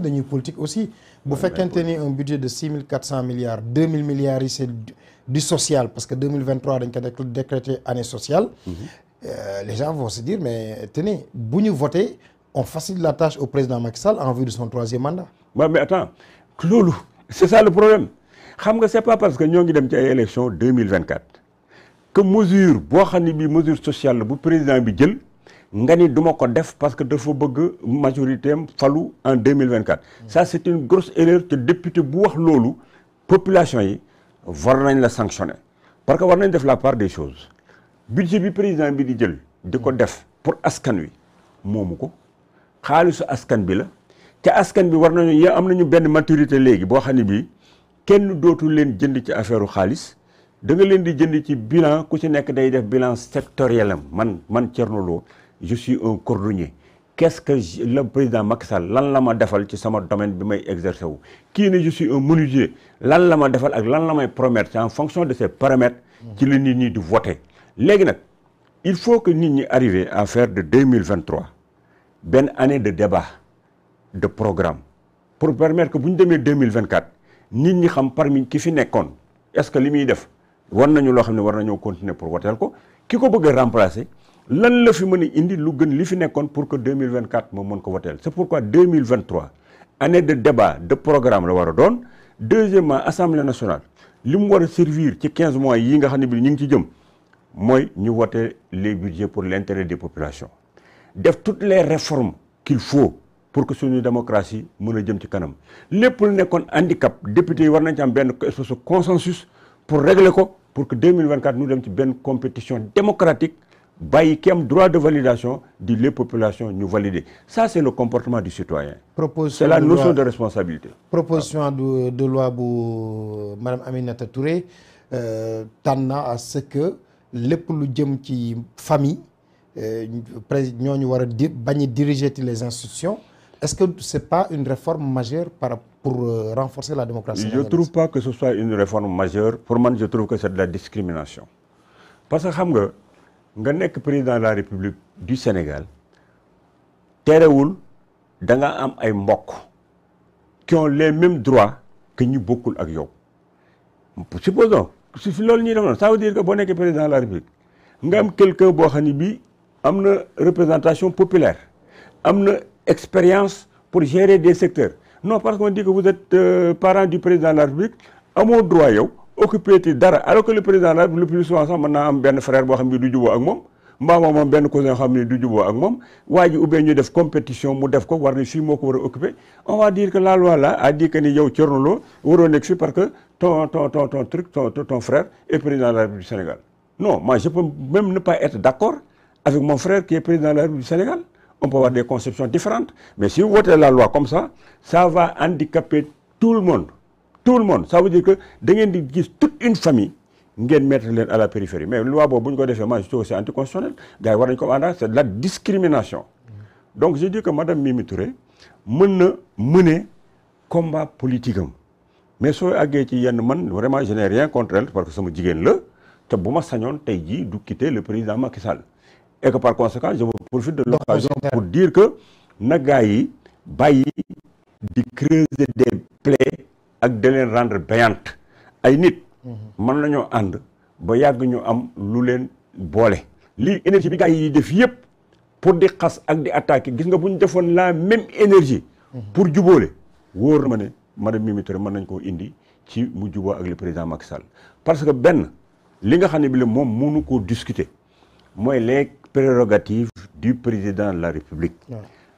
dañuy politique aussi bu fekkente ni un budget de six mille quatre cent milliards deux mille milliards yi c'est du social parce que deux mille vingt trois dañ ko décrété année sociale mm-hmm. euh, les gens vont se dire mais tenez bu ñu voté on facilite la tâche au président Macky Sall en vue de son troisième mandat waaw mais attends loolu c'est ça le problème xam nga c'est pas parce que ñoo ngi dem ci ay élections deux mille vingt que mesure boo xam ne bii mesure sociale la bu président bi jël nga ni du ma ko def parce que dafa bëgg majorité am falu en 2024 ça c' est une grosse erreur te député bu wax loolu population yi war nañ la sanctionner parce que war nañ def la part des choses budget bi président bi di jël di ko def pour askan wi moomu ko xaalisu askan bi la te askan bi war nañu ya am nañu benn maturité léegi boo xam ne bii kenn dootu leen jënd ci affaire xaalis danga leen di jënd ci bilan ku ci nekk day def bilan sectoriel am man man Thierno Lo je suis un cordonnier qu'est-ce que le président Macky Sall lan la ma defal ci sama domaine bi may exercer wu kii ne je suis un menuisier lan la ma defal ak lan la may promettre c'est en fonction de ces paramètres ci nii nit di voter léegi nag il faut que nit ñi arriver à faire de 2023 benn année de débat de programme pour permettre que bu ñu demee 2024 nit ñi xam mi ki fi nekkoon est-ce que li muy def war nañu loo xam ne war nañoo continuer pour woteel ko ki ko bëgg a lan la fi mën indi lu gën li fi nekkoon pour que 2024 moom mën ko woteel c'est pourquoi 2023 année de débat de programme la war a doon deuxièmement assemblée nationale li mu war a servir ci 15 mois yi nga xam ne bi ñu ngi ci jëm mooy ñu wote les budgets pour l'intérêt des population def toutes les réformes qu'il faut pour que su suñu démocratie mën a jëm ci kanam lépp lu nekkoon handicap député yi war nañ ci am benn espèce de consensus pour régler ko pour que 2024 ñu dem ci benn compétition démocratique bàyyi ki droit de validation di les populations ñu valider ça c'est le comportement du citoyen proposition c'est la notion de responsabilité proposition de, de loi bu euh, madame Aminata Touré euh, tànn na à ce que lépp lu jëm ci famille euh, président ñooñu war a di bañ a diriger ci les institutions est-ce que c'est pas une réforme majeure par pour renforcer la démocratie je trouve pas que ce soit une réforme majeure pour man je trouve que c'est de la discrimination parce que xam nga nekk président la république du Sénégal terewul da nga am ay mbokk qui ont les mêmes droit que ñu bokkul ak yow supposons su fi loolu ñuy def noonu ça veut dire que boo nekkee président la république nga am quelqu'un boo xam ne bii am na représentation populaire am na expérience pour gérer des secteurs non parce qu'on dit que vous êtes euh, parent du président de la république amoo droit yow occupé ti dara alors que le président la le plus souvent sax mën naa am benn frère boo xam ne du juboo ak moom mbaa benn cousin xam ne du juboo ak moom waa ji ubbee ñu def compétition mu def ko war ne fii moo ko war a occupé on va dire que la loi là a dit que ni yow Thierno waroo nekk fii parce que ton ton ton frère est président la République Sénégal non ma je peux même ne pas être d'accord avec mon frère qui est président de on peut avoir mais si vous votez comme ça ça va le monde tout le monde ça veut dire que da ngeen di gis toute une famille ngeen mettre leen à la périphérie mais loi boobu bu ñu ko defee man je c'est anticonstitutionnel yi war nañu ko àndaat c'est la discrimination donc je que madame Mimi Touré mën na mëne combat politique mais soo àggee ci yenn man vraiment je n'ai rien contre par parce que sama jigéen la te bu ma sañoon tey jii du quitter le président Macky Sall et que par conséquent je profite de l'occasion pour dire que na gars ak da leen rendre payante ay nit man lañoo ànd ba yàgg ñu am lu leen boole lii énergie bi gars yi def yëpp pour di xas ak di attaquer gis nga bu ñu defoon la même énergie pour jubóole wóor na ma ne madame Mimi Touré mën nañ koo indi ci mu juboo ak le président mac Sall parce que benn li nga xam ne bi la moom mënu koo discuter mooy les prérogatives du président de la république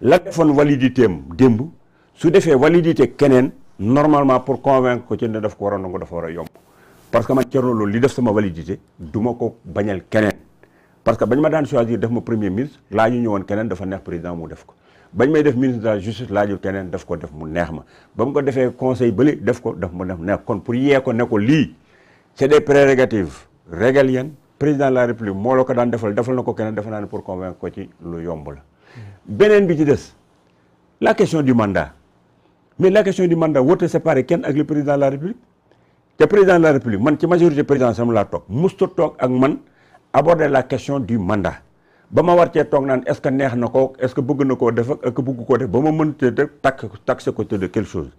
la defoon validité am démb su defee validité keneen normalement pour convaincre ko ci ne daf ko war a nangu dafa war a yomb parce que man Thierno Lo li def sama validité du ma ko bañal keneen parce que bañ ma daan choisir def ma premier ministre laa ñu ñëwoon keneen dafa neex président mu def ko bañ may def ministre la justice laaju keneen ko def mu neex ma ba mu ko defee conseil bële def ko daf mu def neex kon pour yee ko ne ko lii c'est des prérogatives régaliennes président la république moo la ko daan defal defal na ko keneen defe naa ne pour convaincre ko ci lu yomb la mm. beneen bi ci des la question du mandat mais la question du mandat warut a séparé kenn ak le président de la république te président de la république man ci majorité présidentielle laa toog musta toog ak man aborder la question du mandat ba ma wartee toog naan est-ce que neex na ko est-ce que bëgg na ko def ak bëgg ko def ba ma mën te def takk taxe côté de quelque chose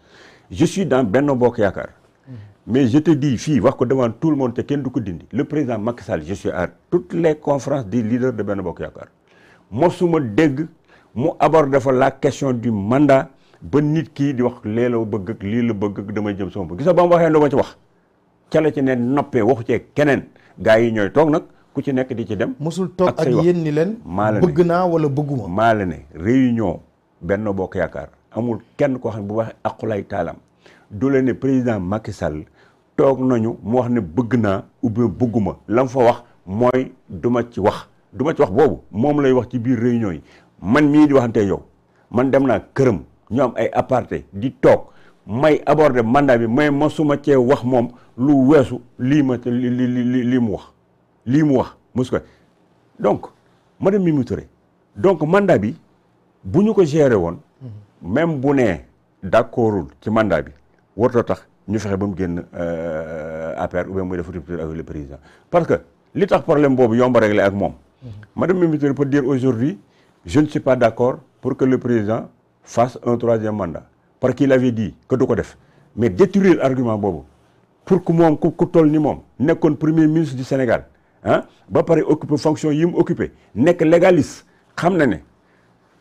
je suis dans Benno Bokk Yaakaar mm-hmm. mais je te dis fii wax ko devant tout le monde te kenn du ko dindi le président Macky Sall je suis à toutes les conférences des leaders de Benno Bokk dégg mu aborder fa la question du mandat ba nit kii di wax lee la bëgg ak lii la bëgg ak damay jëm sama bëgg gis nga ba waxee lu ma wax ca la ci ne noppee waxu cee keneen gaa yi ñooy toog nag ku ci nekk di ci dem. mosul toog ak yéen ni leen. maa la wala bëgguma. maa la ne réunion Benno Bokk Yaakaar amul kenn koo xam ne bu waxee aqulay taalam du la ne président Macky Sall toog nañu mu wax ne bëgg naa ubbi bëgguma la mu wax mooy du ma ci wax du ci wax boobu moom lay wax ci biir réunion yi man mii di waxante yow man dem naa këram. ñu am ay aparté di toog may aborder mandat bi may mosuma cee wax moom lu weesu lii ma li li lii mu wax lii mu wax mosu ko donc madame Mimi Touré donc mandat bi bu ñu ko gérer woon même bu nee d'accordul ci mandaa bi wartoo tax ñu fexe ba mu génn euh, APR ou bien muy def rupture avec le président parce que li tax problème boobu yomb a ak moom mmh. madame Mimi Touré peut dire aujourd'hui je ne suis pas d'accord pour que le président fasse un troisième mandat parce qu'il avait dit que du ko def mais détruire argument boobu pour que moom ku tol ni moom nekkoon premier ministre du Sénégal ba pare occuper fonction yi mu occupé nekk légaliste xam na ne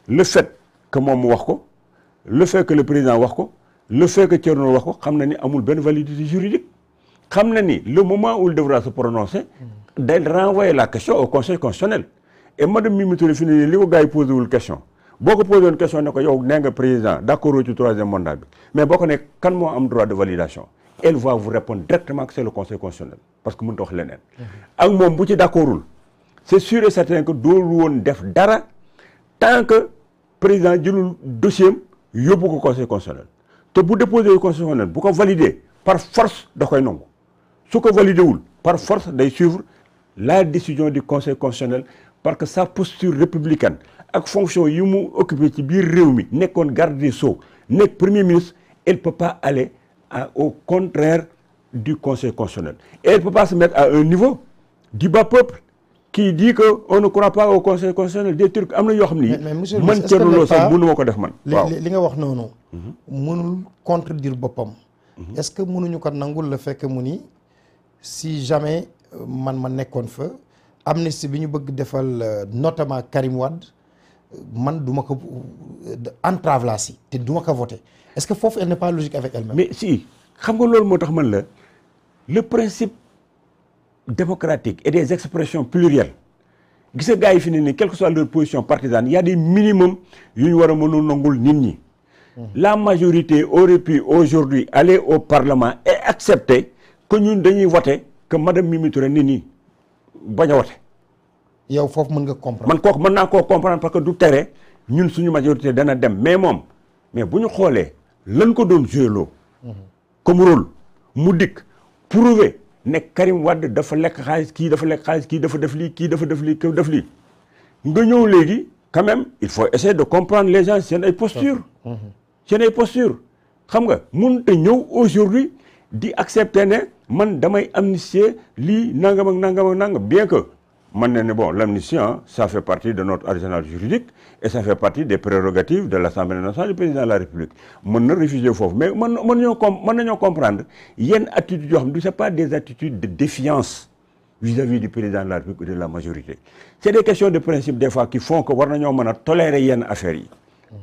le fait que moom mu wax ko le fait que le président wax ko le fait que Thierno wax ko xam na ni amul benn validité juridique xam na ni le moment où il devra se prononcer mm. day renvoyer la question au conseil constitutionnel et madame Mimi Touré fi ne li ko gars yi wul question boo ko posé woon question ne ko yow nga président d' accord ci troisième mandat bi mais boo ko nekk kan moo am droit de validation elle va vous répondre directement que parce que mënut a ak moom bu ci d' accordul c' est sûr et certain que doolu woon def dara tant que président jëlul dossier am yóbbu ko conseil constitutionnel te bu déposé conseil constitutionnel bu ko validé par force da koy nangu su ko validé wul par force day suivre la décision du conseil constitutionnel parce que sa posture républicaine. ak fonction yi mu occupé ci biir réew mi nekkoon garde des sceaux nekk premier ministre elle peut pas aller au contraire du conseil constitutionnel et peut pas se mettre à un niveau di bas peuple qui dit que on ne croit pas au conseil constitutionnel des trucs am na yoo xam ne yi man Thierno Lo sax mënu ma ko def man waaw li nga wax noonu mhm. mënul diir boppam mhm. est-ce que mënuñu ko nangul la fekk mu ni si jamais euh, man ma nekkoon fa amnistie bi ñu bëgg defal euh, notamment Karim man duma ma ko euh, entrave la si te du ma ko voté est-ce que foofu elle n'est pas logique avec elle-même mais si xam nga loolu moo tax man la le principe démocratique et des expressions plurielles gis nga yi fi ne nii quelle que soit leur position partisane y a des minimums yu ñu war a mën a nit ñi hmm. la majorité aurait pu aujourd'hui aller au parlement et accepter que ñun dañuy voté que madame Mimi Touré nit ñi baña a yow foofu mën nga comprendre. man kooku mën naa koo comprendre parce que du tere ñun suñu majorité dana dem mais moom mais bu ñu xoolee lan ko doon joué loo comme rôle mu dikk prouver ne Karim wadd dafa lekk xaalis kii dafa lekk xaalis kii dafa def lii kii dafa def lii kii def lii nga ñëw léegi quand il faut essayer de comprendre les seen ay posture seen ay posture xam nga mun te ñëw aujourd'hui di accepter ne man damay amnistier lii nangam ak nangam ak bien que man na ne bon l'amnistie ça fait partie de notre arsenal juridique et ça fait partie des prérogatives de l'Assemblée nationale du président de la République mën na refuser foofu mais mën mën ñoo com mën nañoo comprendre yenn attitudes yoo xam ne c'est pas des attitudes de défiance vis-à-vis du président de la République de la majorité c'est des questions de principe des fois qui font que war nañoo mën a tolérer yenn affaires yi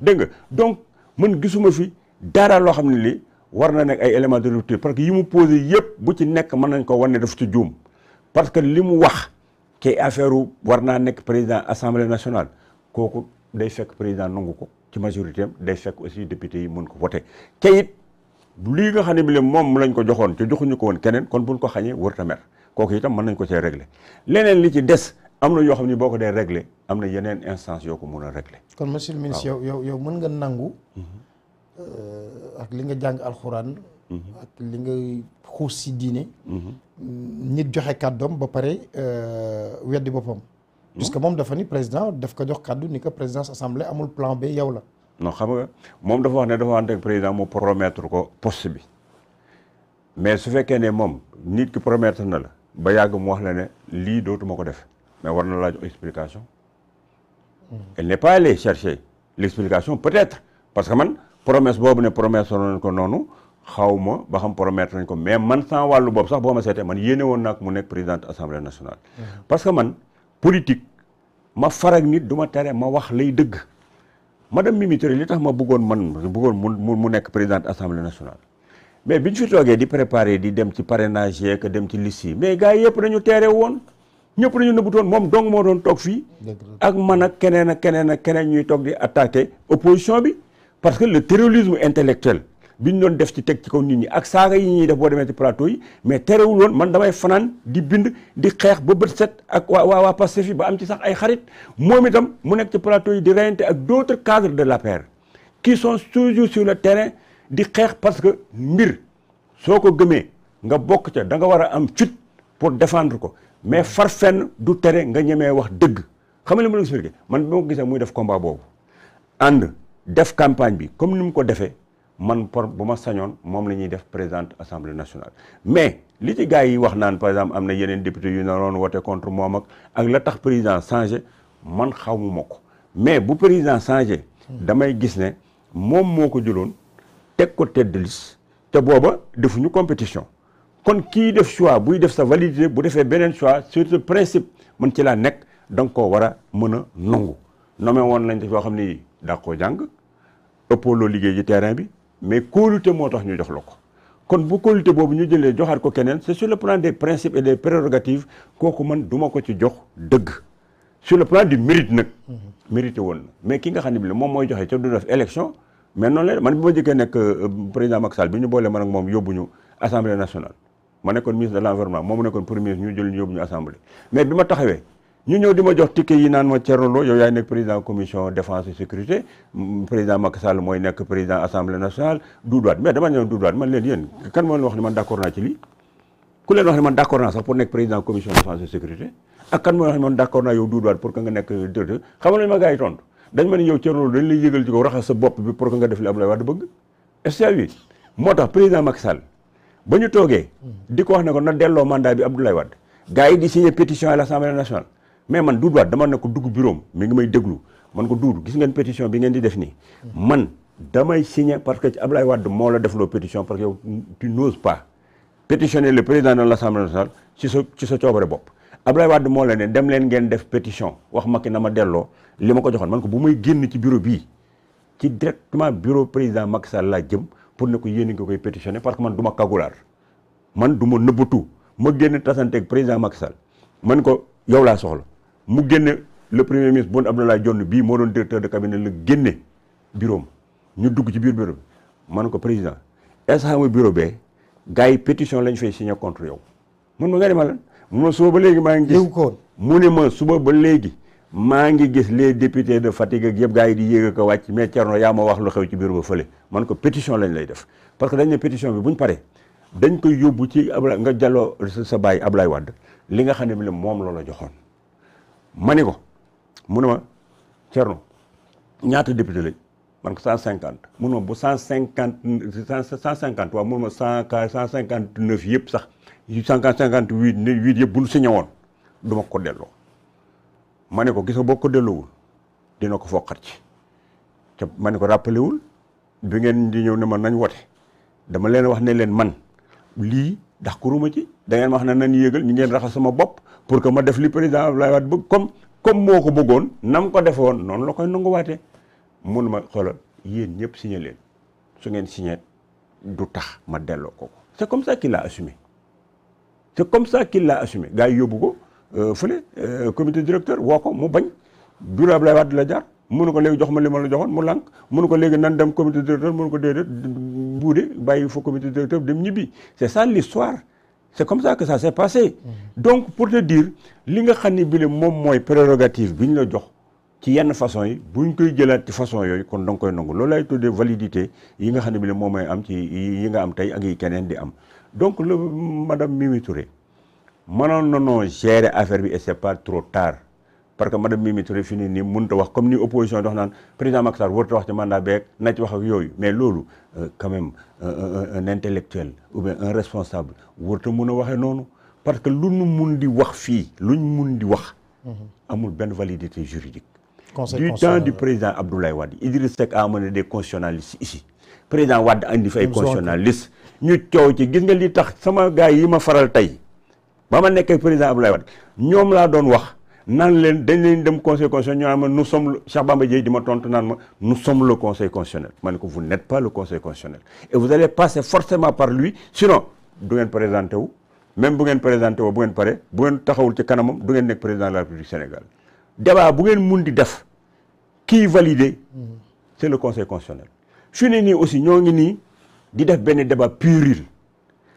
dégg nga donc man gisuma fi dara loo xam ne lii war na nekk ay éléments de rupture parce que yi mu posé yëpp bu ci nekk mën nañ ko wane daf ci juum parce que li mu wax kay affaire war naa nekk président assemblée nationale kooku day fekk président nangu ko ci majorité day fekk aussi député yi mën ko voté te it lii nga xam ne bi moom lañ ko joxoon ci joxuñu ko woon keneen kon buñ ko xañee wër ta mer kooku itam mën nañ ko cee réglé leneen li ci des am na yoo xam ne boo ko dee réglé am na yeneen instance yoo ko mën a réglé kon monsieur le ministre yow yow yow mën nga nangu mhm. euh, li nga jàng alxuraan ak li nga xuus si diine nit joxe kàddoom ba pare euh, weddi boppam que moom dafa ni président def ko jox kàddu ni que présidence assemblée amul plan B yow la non xam nga moom dafa wax ne dafa ànd ak président mu promettre ko poste bi mais su fekkee ne moom nit ki promettre na la ba yàgg mu wax la lii dootuma ko def mais war na laa jox explication mm-hmm. elle n'est pas allée chercher l'explication peut-être parce que man promesse boobu ne promesse woon ko noonu xaw ma ba xam promettre nañ ko mais man sans wàllu boobu sax boo ma seetee man yéene woon naag mu nekk présidente assemblée nationale. Mm-hmm. parce que man politique ma farag nit du ma teree ma wax lay dëgg. madame Mimi Touré li tax ma bëggoon man bëggoon mu mu nekk président assemblée nationale. mais bi ñu fi toogee di préparer di dem ci parrainage yeeg dem ci liste yi mais gars yëpp dañu teere woon. ñëpp dañu nëbbutoon moom dong moo doon toog fii. ak man ak keneen ak keneen a keneen ñuy toog di attaquer bi. parce que le terrorisme intellectuel bi ñu doon def ci teg ci kaw nit ñi ak saaga yi ñuy def boo demee ci plateau yi mais terewul woon man damay fanaan di bind di xeex ba bët set ak waa waa waa Pastef ba am ci sax ay xarit moom itam mu nekk ci plateau yi di reyante ak d'autres cadres de la l'APR qui sont toujours sur le tere di xeex parce que mbir soo ko gëmee nga bokk ca da nga war a am cut pour défendre ko mais far fenn du tere nga ñemee wax dëgg xam nga li ma la expliqué man bi gisee muy def combat boobu ànd def campagne bi comme ni mu ko defee man por bu ma sañoon moom la ñuy def présidente assemblée national mais li ci gars yi wax naan par exemple am na yeneen député yu naroon wote contre moom ak ak la tax président changer man ma ko mais bu président changé damay gis ne moom moo ko jëloon teg ko tête de te booba defuñu compétition kon kii def choix buy def sa validité bu defee beneen choix sur ce principe man ci laa nekk da nga koo war a mën a nangu nommé woon nañ def yoo xam ni daa koo jàng liggéey ci terrain bi mais kóolute moo tax ñu jox la ko kon bu kóolute boobu ñu jëlee joxaat ko keneen c'est sur le plan des principes et des prérogatives kooku man duma ko ci jox dëgg sur le plan du mérite nag mérité woon na mais ki nga xam ne bi la moom mooy joxe ca du def élection mais noonu la man bi ma njëkkee nekk euh, président Macky Sall bi ñu boolee man ak moom yóbbu ñu assemblée nationale ma nekkoon ministre de l'environnement moom nekkoon premier ñu jël ñu yóbbu ñu bi ma taxawee ñu ñëw di ma jox ticket yi naan ma Thierno Lo yow yaay nekk président commission défense et sécurité mm, président Macky Sall mooy nekk président assemblée nationale Doudou Wade dama ne Doudou man leen yéen kan moo leen wax ne man d' accord naa ci lii ku leen wax ne man d' naa sax pour nekk président commission défense et sécurité ak kan moo wax ne man d' naa yow Doudou pour que nga nekk directeur xamal ma gars yi dañ ma yow Thierno Lo ñu toogee di ko wax ko delloo mandat bi Abdoulaye Wade l' assemblée nationale mais man Doudou Wade dama ne ko dugg bureau mi ngi may déglu man ko Doudou gis ngeen pétition bi ngeen di def nii man damay signé parce que ci Ablaye Wade moo la defloo pétition parce que yow tu n'oses pas pétitionner le président de l'Assemblée nationale ci sa ci sa coobare bopp Ablaye Wade moo la ne dem leen ngeen def pétition wax Macky na ma delloo li ma ko joxoon man ko bu may génn ci bureau bi ci directement bureau président Macky Sall laa jëm pour ne ko yéen nga koy pétitionner parce que man du ma kagulaar man du ma nëbbatu ma génn tasanteeg président Macky Sall man ko yow laa soxla mu génne le premier ministre la Abdallah Dionne bii moo doon directeur de cabinet la génne bureau ñu dugg ci biir bureau bi man ko président est ce que bureau bee gars yi pétition lañ fay signé contre yow man ma nga demal mu ma suba ba léegi maa ngi gis mu ne ma suba ba léegi maa ngi gis les députés de Fatick ak yëpp gars yi di yéeg ak a wàcc mais Thierno yaa ma wax lu xew ci bureau ba fële man ko pétition lañ lay def parce que dañ ne pétition bi buñ pare dañ koy yóbbu ci ab nga jàlloo sa baay Ablaye Wade li nga xam ne moom loola joxoon ma ni ko mu ne ma Thierno ñaata député lañ man ko cent cinquante mu ne ma bu cent cinquante cent cinquante waaw mu ne ma cent cinquante neuf yëpp sax cent cinquante huit huit yëpp bu ñu signé woon du ma ko delloo ma ne ko gis nga boo ko delloowul dina ko foqat ci te ma ne ko rappelé bi ngeen di ñëw ne man nañ wote dama leen wax ne leen man lii ndax kuruma ci da ngeen ma wax ne nan yéegal ñu ngeen raxas sama bopp pour que ma def li président Abdoulaye Wade bëgg comme comme moo ko bëggoon nam ko defe woon noonu la koy nanguwaatee mun ma xoolal yéen ñëpp signé leen su ngeen signé du tax ma delloo ko c'est comme ça qu'il l'a assumé c'est comme ça qu'il l'a assumé gars yóbbu ko euh, fële euh, commité directeur woo ko mu bañ bureau Abdoulaye Wade la jaar mënu ko léegi jox ma li ma la joxoon mu lànk mënu ko léegi nan dem comité directeur mënu ko déedéet buude bàyyi fa comité directeur dem ñibbi c'est ça l'histoire c'est comme ça que ça s'est passé mm-hmm. donc pour te dire li nga xam ne bile moom mooy prérogative bi ñu la jox ci yenn façon yi bu ñu koy jëlaat ci façon yooyu kon da nga koy nangu loolu lay tuddee validité yi nga xam ne bile moom mooy am ci yi nga am tey ak yi keneen di am donc le madame Mimi Touré mënoon nanoo gérer affaire bi et c'est pas trop tard parce que madame Mimi Touré fi nii nii mënut a wax comme ni opposition di wax naan président Macky Sall warut a wax ci mandat beeg na ci wax yooyu mais loolu euh, quand même euh, euh, un intellectuel ou bien un responsable warut a mun a waxee noonu parce que lu nu mun di wax fii lu luñ mun di wax. Mm-hmm. amul benn validité juridique. du temps du président Abdoulaye Wade Idriss Seck a amené des constitutionnalistes ici président Wade andi fi ay constitutionnalistes ñu coow ci gis nga li tax sama gars yi ma faral tey ba ma nekkee président Abdoulaye ñoom laa doon wax. nan leen dañ leen dem conseil constitutionnel ñu naan ma nous sommes Cheikh Bamba Dièye di ma tontu naan ma nous sommes le conseil constitutionnel ma ne ko vous n'êtes pas le conseil constitutionnel et vous allez passer forcément par lui sinon du ngeen présenté wu même bu ngeen présenté woo bu ngeen pare bu ngeen taxawul ci kanamam du ngeen nekk président de la République Sénégal débat bu ngeen mun di def kii validé mm-hmm. c'est le conseil constitutionnel su ne nii aussi ñoo ngi nii di def benn débat puéril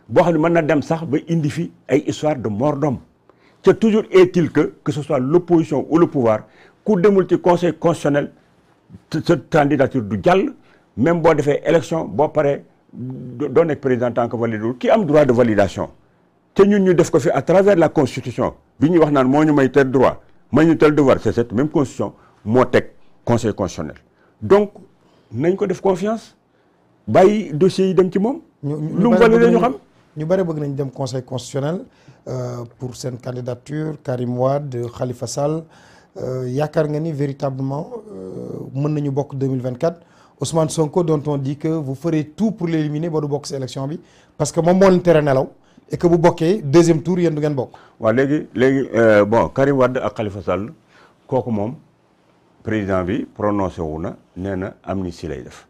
boo xam ne mën na dem sax ba indi fi ay histoire de mort d'homme te toujours est-il que que ce soit l'opposition ou le pouvoir ku demul ci conseil constitutionnel sa candidature du jàll même boo defee élection boo paree doo nekk président tant que validé ki am droit de validation te ñun ñu def ko fi à travers la constitution bi ñuy wax naan moo ñu may tel droit may ñu tel devoir c'est cette même constitution moo teg conseil constitutionnel donc nañ ko def confiance bàyyi dossiers yi dem ci moom lu mu validé ñu bëri bëgg nañu dem conseil constitutionnel euh, pour seen candidature Karim Wade Khalifa Sall euh, yaakaar nga ni véritablement euh, mën nañu bokk 2024 Ousmane Sonko dont on dit que vous ferez tout pour l'éliminer ba du bokk si élection bi parce que moom moo leen tere nelaw et que bu bokkee deuxième tour yéen du ngeen bokk. waa léegi léegi bon Karim Wade ak Khalifa Sall kooku moom président bi prononcé wu na nee na amnistie lay def.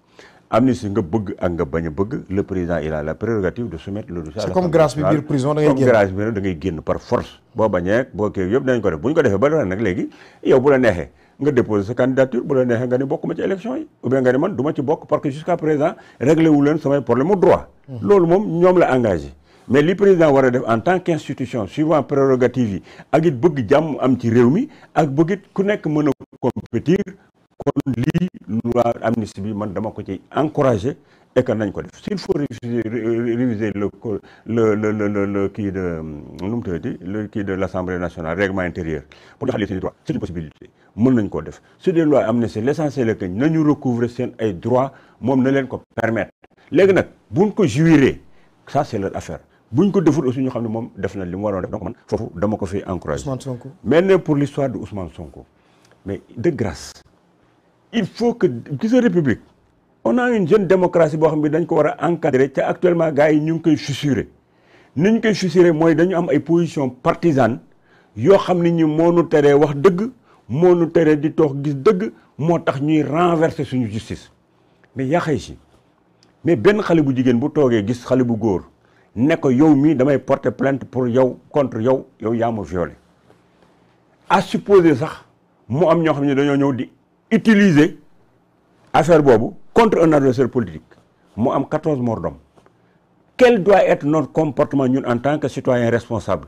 amnistie nga bëgg ak nga bañ a bëgg le président il la prérogative de soumettre le dossier. c'est comme grâce bi biir prison da génn par force. boo bañee boo kii yëpp dañ ko def bu ñu ko defee ba leneen nag léegi yow bu la neexee nga déposer sa candidature bu la neexee nga ni bokk ma ci élection yi ou bien nga ni man du ma ci bokk parce que jusqu'à présent réglé wu leen samay problème mu droit. Mmh. loolu moom ñoom la engagé. mais li président war a def en tant qu'institution suivant ak it it ku nekk mën a kon lii loi amnistie bi man dama ko ci encouragé et nañ ko def s'il faut réviser le le le le kii de nu mu tuddati le kii de l'Assemblée nationale règlement intérieur pour defal leen seen i droit c'est une possibilité mën nañ ko def su dee loi amnistie l'essentiel est que nañu recouvrer seen ay droits moom na leen ko permettre léegi nag buñ ko jouiré ça c'est leur affaire buñ ko deful aussi ñu xam ne moom def na li mu waroon def donc man foofu dama ko fi encouragé. Ousmane Sonko mais ne pour l'histoire de Ousmane Sonko mais de il faut que gis république on a une jeune démocratie boo xam ne dañ ko war a encadrer te actuellement gars yi ñu ngi koy susurré ni ñu koy susurré mooy dañu am ay position partisane yoo xam ni ñu moo nu teree wax dëgg moo nu teree di toog gis dëgg moo tax ñuy renverser suñu justice mais yaaxay si mais benn xale bu jigéen bu toogee gis xale bu góor nekk yow mii damay porter plainte pour yow contre yow yow yaa ma violé à supposer sax mu am ñoo xam ne dañoo ñëw di utiliser affaire boobu contre un adversaire politique mu am 14 morts d'homme quel doit être notre comportement ñun en tant que citoyen responsable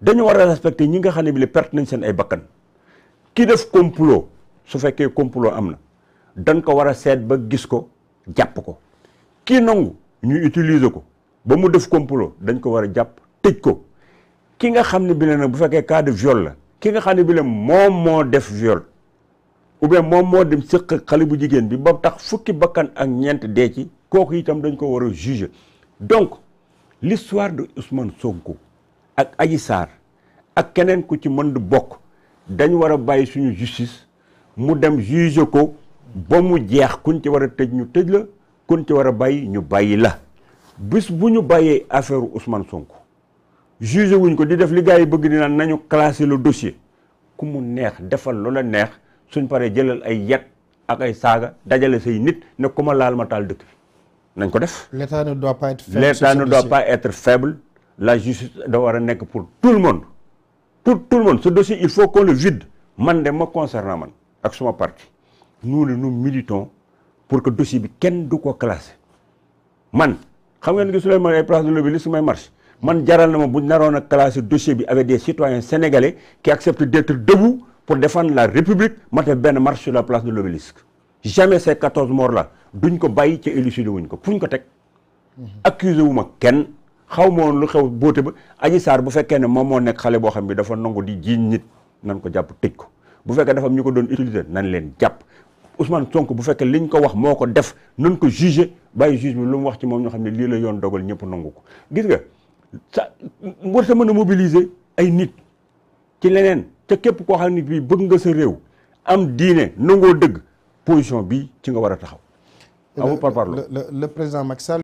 dañu war a respecter ñi nga xam ne bi la perte nañ seen ay bakkan ki def complot su fekkee complot am na dañ ko war a seet ba gis ko jàpp ko kii nangu ñu utiliser ko ba mu def complot dañ ko war a jàpp tëj ko ki nga xam ne bi la nag bu fekkee cas de la ki nga xam ne bi la moom moo def viol ou moom moo dem sëq xale bu jigéen bi ba tax fukki bakkan ak ñeent dee ci kooku itam dañ ko war a juger donc l'histoire de Ousmane Sonko ak Adji Sarr ak keneen ku ci mën du bokk dañ war a bàyyi suñu justice mu dem juger ko ba mu jeex kuñ ci war a tëj ñu tëj la kuñ ci war a bàyyi ñu bàyyi la bis bu ñu bàyyee affaire Ousmane Sonko juger wuñ ko di def li gars yi bëgg di nañu classer le dossier ku mu neex defal loola neex suñ paree jëlal ay yet ak ay saaga dajale say nit ne ko ma laal ma taal dëkk bi nañ ko def. l'état ne doit pas être faible. l'état ne la justice da war a nekk pour tout le monde pour tout le monde ce dossier il faut qu'on le vide man de ma concernant man ak suma parti nous nu nous pour que dossier bi kenn du ko classé man xam ngeen ne su leen ay place de l'Obélisque su may marche man jaral na ma bu naroon a classé dossier bi avec des citoyens sénégalais pour défendre la république ma benn marche sur la place de l'obélisque jamais ces quatorze morts la duñ ko bàyyi ci élucider wuñ ko fu ko teg accusé wu ma kenn xaw ma woon lu xew boote ba Adji Sarr bu fekkee ne moom moo nekk xale boo xam bi dafa nangu di jiiñ nit nan ko jàpp tëj ko bu fekkee dafa am ñu ko doon utiliser nan leen jàpp Ousmane Sonko bu fekkee liñ ko wax moo ko def nan ko jugé bàyyi juge bi lu mu wax ci moom ñoo xam ne lii la yoon dogal ñëpp nangu ko gis nga sa war sa mën a mobiliser ay nit ci leneen te képp koo xam ne bii bëgg nga si réew am diine nangoo dëgg position bi ci nga war a taxaw amul parparloo le président Macky Sall